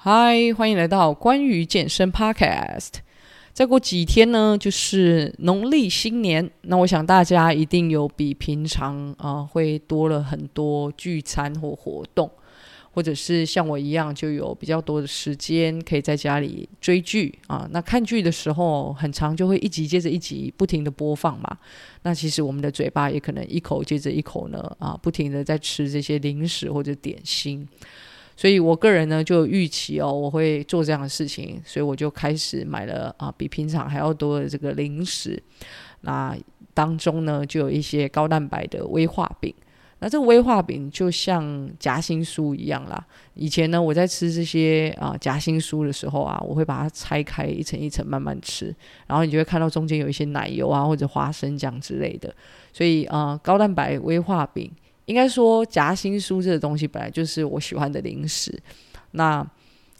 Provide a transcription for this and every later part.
嗨，Hi, 歡迎來到關於健身 Podcast。再過幾天呢，就是農曆新年。那我想大家一定有比平常啊，會多了很多聚餐或活動，或者是像我一樣，就有比較多的時間可以在家裡追劇啊。那看劇的時候很常，就會一集接着一集不停地播放嘛。那其實我們的嘴巴也可能一口接着一口呢啊，不停地在吃這些零食或者點心。所以我個人呢就預期哦，我會做這樣的事情，所以我就開始買了啊，比平常還要多的這個零食。那當中呢，就有一些高蛋白的威化餅。那這個威化餅就像夾心酥一樣啦。以前呢，我在吃這些啊夾心酥的時候啊，我會把它拆開一層一層慢慢吃，然後你就會看到中間有一些奶油啊或者花生醬之類的。所以啊，高蛋白威化餅。應該說，夾心酥這個東西本來就是我喜歡的零食。那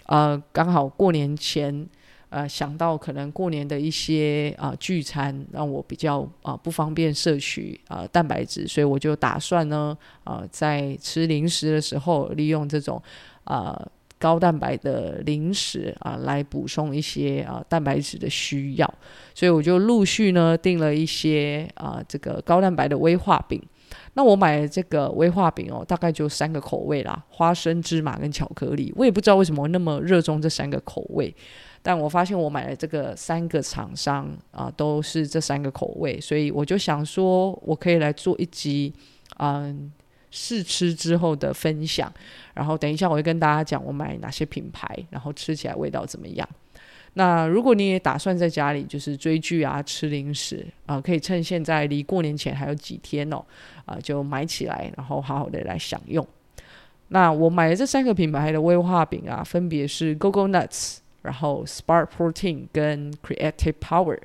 呃，剛好過年前，呃，想到可能過年的一些啊、呃、聚餐，讓我比較啊、呃、不方便攝取啊、呃、蛋白質，所以我就打算呢，呃，在吃零食的時候，利用這種啊、呃、高蛋白的零食啊、呃、來補充一些啊、呃、蛋白質的需要。所以我就陸續呢訂了一些啊、呃、這個高蛋白的威化餅。那我買了這個威化餅哦，大概就三個口味啦，花生、芝麻跟巧克力。我也不知道為什麼那麼熱衷這三個口味，但我發現我買了這個三個廠商啊、呃，都是這三個口味，所以我就想說，我可以來做一集嗯、呃、試吃之後的分享。然後等一下我會跟大家講我買哪些品牌，然後吃起來味道怎麼樣。那如果你也打算在家裡就是追劇啊、吃零食啊，可以趁現在離過年前還有幾天哦，啊，就買起來，然後好好的來享用。那我買的這三個品牌的威化餅啊，分別是 GOGONUT，然後 Spark Protein 跟 Creative Power。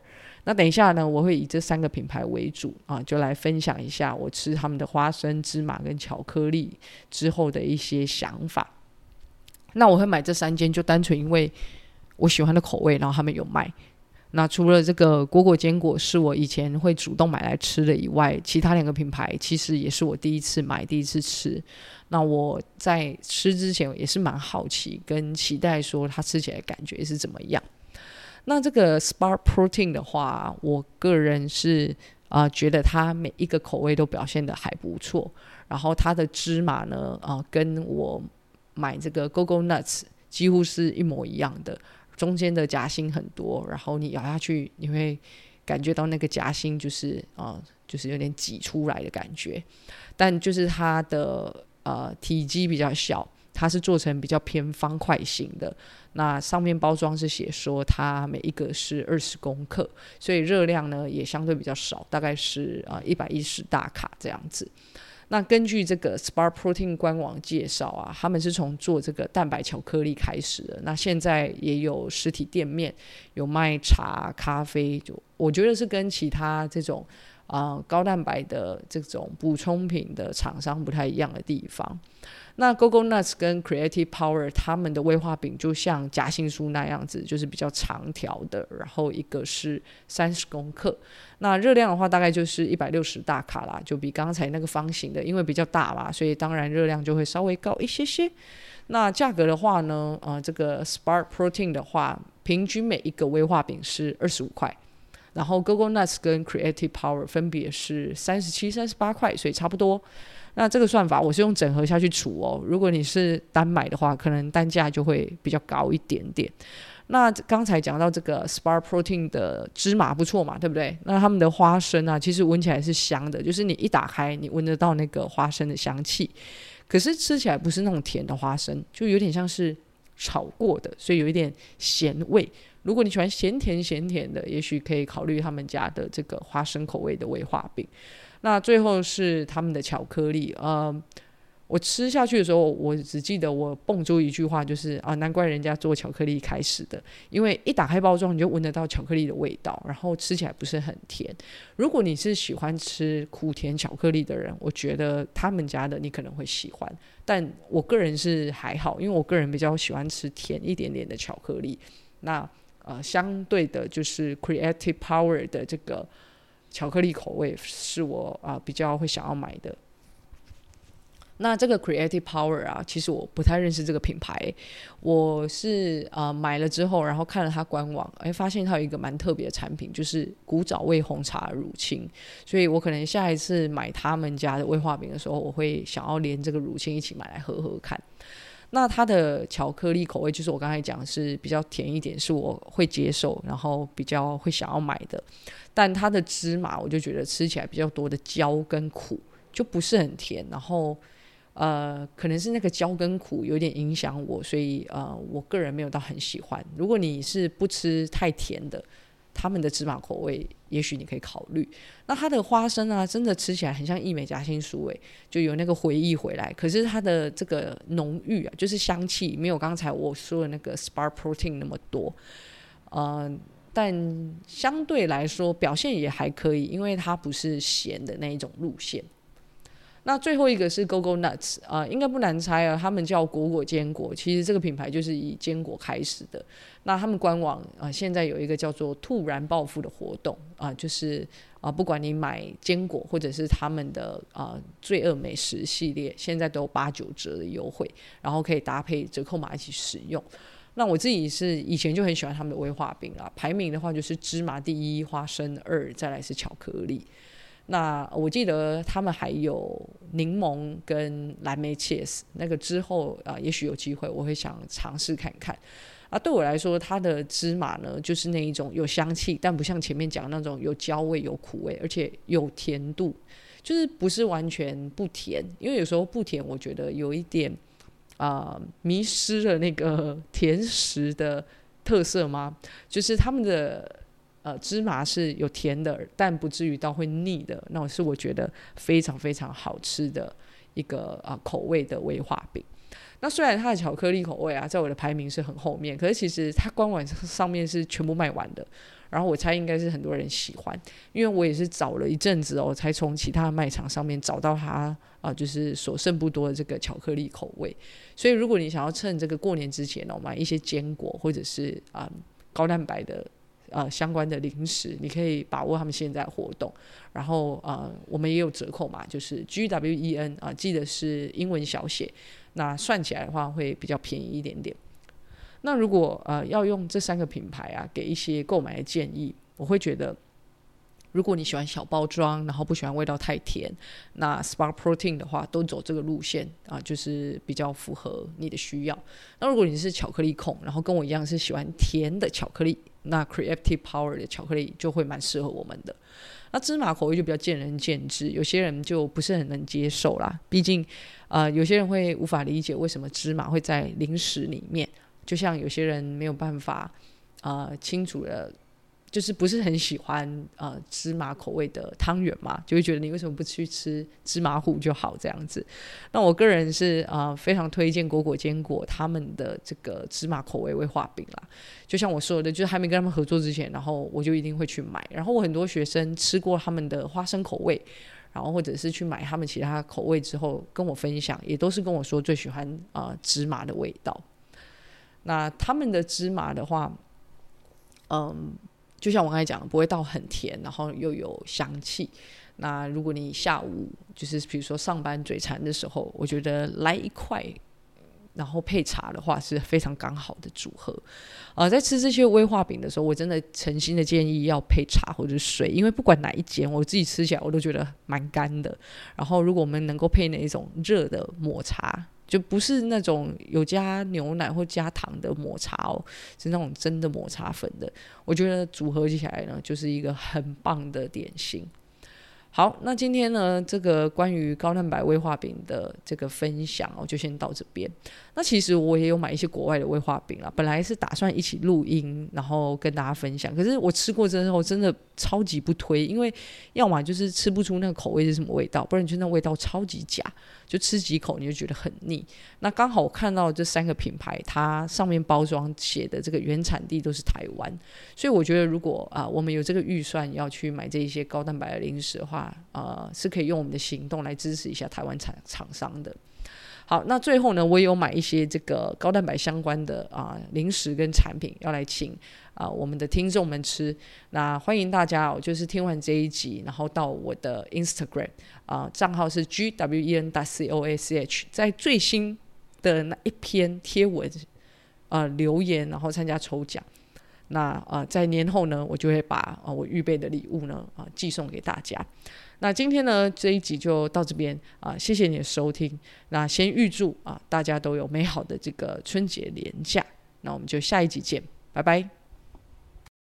那等一下呢，我會以這三個品牌為主啊，就來分享一下我吃他們的花生、芝麻跟巧克力之後的一些想法。那我會買這三間，就單純因為。我喜歡的口味，然後他們有賣。那除了這個果果堅果是我以前會主動買來吃的以外，其他兩個品牌其實也是我第一次買、第一次吃。那我在吃之前也是蠻好奇跟期待，說它吃起來的感覺是怎麼樣。那這個 Spark Protein 的話，我個人是啊、呃、覺得它每一個口味都表現得還不錯。然後它的芝麻呢，啊、呃、跟我買這個 GOGONUT 幾乎是一模一樣的。中間的夾心很多，然後你咬下去，你會感覺到那個夾心就是啊、呃，就是有點擠出來的感覺。但就是它的呃體積比較小，它是做成比較偏方塊型的。那上面包裝是寫說它每一個是二十公克，所以熱量呢也相對比較少，大概是啊一百一十大卡這樣子。那根據這個 Spark Protein 官網介紹啊，他們是從做這個蛋白巧克力開始的。那現在也有實體店面，有賣茶、咖啡，就我覺得是跟其他這種。啊、呃，高蛋白的這種補充品的廠商不太一樣的地方。那 GOGONUT 跟 Creative Power 他們的威化餅就像夾心酥那樣子，就是比較長條的，然後一個是三十公克，那熱量的話大概就是一百六十大卡啦，就比剛才那個方形的，因為比較大啦，所以當然熱量就會稍微高一些些。那價格的話呢，呃，這個 Spark Protein 的話，平均每一個威化餅是二十五塊。然後 GOGONUT 跟 Creative Power 分別是三十七、三十八塊，所以差不多。那這個算法我是用整合下去除哦。如果你是單買的話，可能單價就會比較高一點點。那剛才講到這個 Spark Protein 的芝麻不錯嘛，對不對？那他們的花生啊，其實聞起來是香的，就是你一打開，你聞得到那個花生的香氣。可是吃起來不是那種甜的花生，就有點像是炒過的，所以有一點鹹味。如果你喜歡鹹甜鹹甜的，也許可以考慮他們家的這個花生口味的威化餅。那最後是他們的巧克力，嗯，我吃下去的時候，我只記得我蹦出一句話，就是啊，難怪人家做巧克力開始的，因為一打開包裝你就聞得到巧克力的味道，然後吃起來不是很甜。如果你是喜歡吃苦甜巧克力的人，我覺得他們家的你可能會喜歡，但我個人是還好，因為我個人比較喜歡吃甜一點點的巧克力。那呃，相對的，就是 Creative Power 的這個巧克力口味是我啊、呃、比較會想要買的。那這個 Creative Power 啊，其實我不太認識這個品牌。我是啊、呃、買了之後，然後看了它官網，哎，發現它有一個蠻特別的產品，就是古早味紅茶的乳清。所以我可能下一次買他們家的威化餅的時候，我會想要連這個乳清一起買來喝喝看。那它的巧克力口味就是我剛才講，是比較甜一點，是我會接受，然後比較會想要買的。但它的芝麻我就覺得吃起來比較多的焦跟苦，就不是很甜。然後呃，可能是那個焦跟苦有點影響我，所以呃，我個人沒有到很喜歡。如果你是不吃太甜的。他們的芝麻口味，也許你可以考慮。那它的花生啊，真的吃起來很像義美夾心酥味，就有那個回憶回來。可是它的這個濃郁啊，就是香氣沒有剛才我說的那個 Spark Protein 那麼多。嗯、呃，但相對來說表現也還可以，因為它不是鹹的那一種路線。那最後一個是 GOGONUT 啊、呃，應該不難猜啊，他們叫果果堅果。其實這個品牌就是以堅果開始的。那他們官網啊、呃，現在有一個叫做“突然暴富”的活動啊、呃，就是啊、呃，不管你買堅果或者是他們的啊罪惡美食系列，現在都八九折的優惠，然後可以搭配折扣碼一起使用。那我自己是以前就很喜歡他們的威化餅啊，排名的話就是芝麻第一，花生二，再來是巧克力。那我記得他們還有檸檬跟藍莓 cheese 那個之後啊、呃，也許有機會我會想嘗試看看。啊，對我來說，它的芝麻呢，就是那一種有香氣，但不像前面講的那種有焦味、有苦味，而且有甜度，就是不是完全不甜。因為有時候不甜，我覺得有一點啊、呃，迷失了那個甜食的特色嗎？就是他們的。呃，芝麻是有甜的，但不至於到會膩的。那我是我覺得非常非常好吃的一個啊、呃、口味的威化餅。那雖然它的巧克力口味啊，在我的排名是很後面，可是其實它官網上面是全部賣完的。然後我猜應該是很多人喜歡，因為我也是找了一陣子哦、喔，才從其他的賣場上面找到它啊、呃，就是所剩不多的這個巧克力口味。所以如果你想要趁這個過年之前哦、喔，買一些堅果或者是啊、呃、高蛋白的。呃，相關的零食你可以把握他們現在的活動，然後呃，我們也有折扣嘛，就是 G W E N 啊，呃，記得是英文小寫。那算起來的話會比較便宜一點點。那如果呃要用這三個品牌啊，給一些購買的建議，我會覺得，如果你喜歡小包裝，然後不喜歡味道太甜，那 Spark Protein 的話，都走這個路線啊，呃，就是比較符合你的需要。那如果你是巧克力控，然後跟我一樣是喜歡甜的巧克力。那 creative power 的巧克力就會蠻適合我們的，那芝麻口味就比較見仁見智，有些人就不是很能接受啦。畢竟，啊、呃，有些人會無法理解為什麼芝麻會在零食裡面，就像有些人沒有辦法，啊、呃，清楚的。就是不是很喜歡呃芝麻口味的湯圓嘛，就會覺得你為什麼不去吃芝麻糊就好這樣子？那我個人是啊、呃、非常推薦果果堅果他們的這個芝麻口味威化餅啦，就像我說的，就是還沒跟他們合作之前，然後我就一定會去買。然後我很多學生吃過他們的花生口味，然後或者是去買他們其他口味之後，跟我分享也都是跟我說最喜歡啊、呃、芝麻的味道。那他們的芝麻的話，嗯。就像我剛才講的，不會到很甜，然後又有香氣。那如果你下午就是比如說上班嘴饞的時候，我覺得來一塊，然後配茶的話是非常剛好的組合。啊、呃，在吃這些威化餅的時候，我真的誠心的建議要配茶或者水，因為不管哪一間，我自己吃起來我都覺得蠻乾的。然後如果我們能夠配那一種熱的抹茶，就不是那種有加牛奶或加糖的抹茶哦，是那種真的抹茶粉的。我覺得組合起來呢，就是一個很棒的點心。好，那今天呢，這個關於高蛋白威化餅的這個分享，哦，就先到這邊。那其實我也有買一些國外的威化餅啦，本來是打算一起錄音，然後跟大家分享。可是我吃過之後，真的超級不推，因為要麼就是吃不出那個口味是什麼味道，不然就那味道超級假，就吃幾口你就覺得很膩。那剛好我看到這三個品牌，它上面包裝寫的這個原產地都是台灣，所以我覺得如果啊，我們有這個預算要去買這一些高蛋白的零食的話，啊、呃，是可以用我們的行動來支持一下台灣廠廠商的。好，那最後呢，我也有買一些這個高蛋白相關的啊、呃、零食跟產品，要來請啊、呃、我們的聽眾們吃。那歡迎大家哦、喔，就是聽完這一集，然後到我的 Instagram 啊、呃、賬號是 G W E N dot C O A C H，在最新的那一篇貼文啊、呃、留言，然後參加抽獎。那啊、呃，在年後呢，我就會把啊、呃、我預備的禮物呢啊、呃、寄送給大家。那今天呢，這一集就到這邊啊、呃，謝謝你的收聽。那先預祝啊、呃、大家都有美好的這個春節年假。那我們就下一集見，拜拜。